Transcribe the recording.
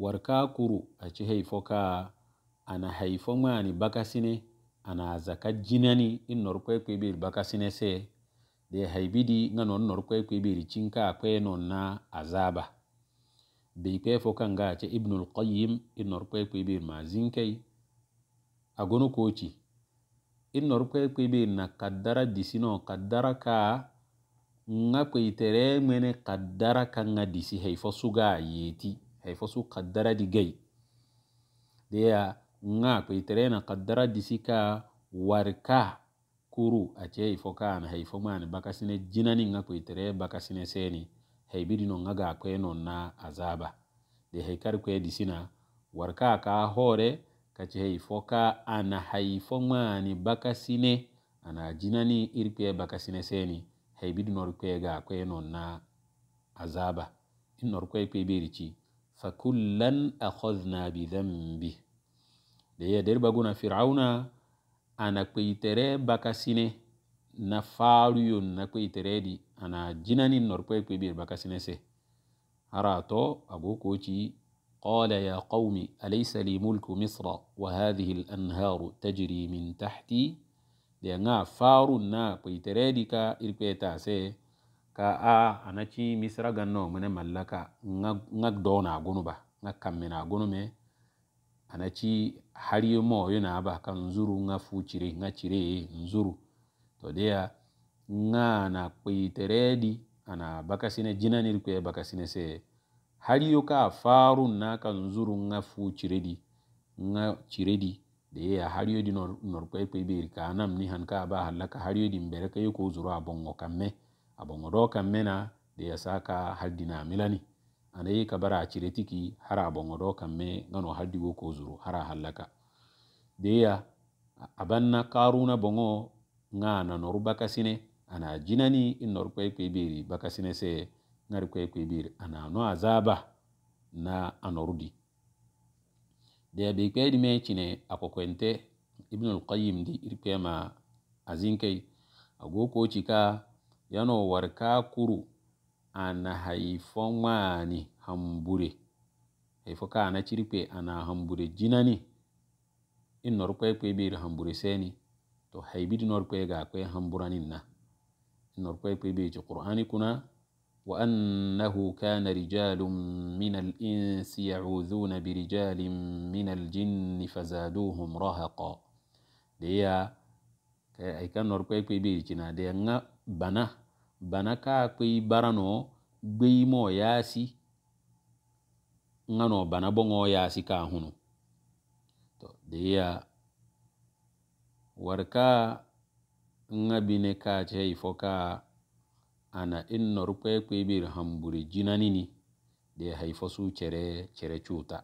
warka kuru a haifo ka ana haifo baka sine ana zaka jinani in nor kwekwe baka sine se de haibidi ŋa non nor kwekwe beri cinka kwe non na azaba bei kwe fo kan ga aci ibnul qayyim in nor kwekwe beri ma zinkai agono koci in nor kwekwe beri na kaddara disino kaddara ka ŋa tere mene kaddara kan nga disi haifo suga yeti haifo su kaddara di gai ya nga ko na kaddara di sika warka kuru haifo ka na haifo ma fo baka sine jinani nga ko baka sine seni hay no nga ga kwe no na azaba da haikari kwe di sina warka ka hore ka ce haifo ka ana ma fo baka sine ana jinani irpe sine seni hay no kwe ga kwe no na azaba in nor ko pe فكلا أخذنا بذنبه ليه دير بغونا فرعون أنا كويتري بكاسيني na faaru yon na kwe iteredi ana jinani nor kwe kwe bir baka sinese harato abu kochi قال يا قوم أليس لي ملك مصر وهذه الأنهار تجري من تحتي لأنها فارو نا دي كا إركويتا سي ka a anaci misra ganno mune mallaka ngak dona gonuba ngak kammina gonume anaci hariyo mo na ba kan nzuru nga cire nga cire nzuru to ya nga na kwiiteredi ana bakasine jinanir kwe sine se yi ka faru na kan nzuru nga di nga di, de ya har yi di norkwekwe beri ka nam ni hanka ka ba halaka yi di mbere ka ko zuru a bongo kamme aboŋodo kan mena de yasaka hardina milani anayi kabara ciretiki a aboŋodo kan me ngano hardi zuru har hara hallaka na karu na bango nga na noru bakasine ana jinani in noru kwekwe biri bakasine se ngari kwekwe biri ana no azaba na anorudi ya be kpedi me cine ibn al qayyim di irkema azinkai a ko cika yana warka kuru ana haifo mani hambure haifo ka ana chirikpe ana hambure jinani in norkwe kwe bir hambure seni to haibidi norkwe ga kwe hamburanin na in norkwe kwe bir ci qur'ani kuna wa annahu kana rijalun min al-insi ya'udhuna bi rijalin min al-jinni fazaduhum rahaqa da ya kai kan norkwe kwe bir na da bana bana kaa kwei barano gbeimo yaasi ngano bana bongo yaasi kaa hunu to deya warka nga bine kaa chei fo kaa ana innor kwei kwei bir hamburi jinanini de haifo su chere chere chuta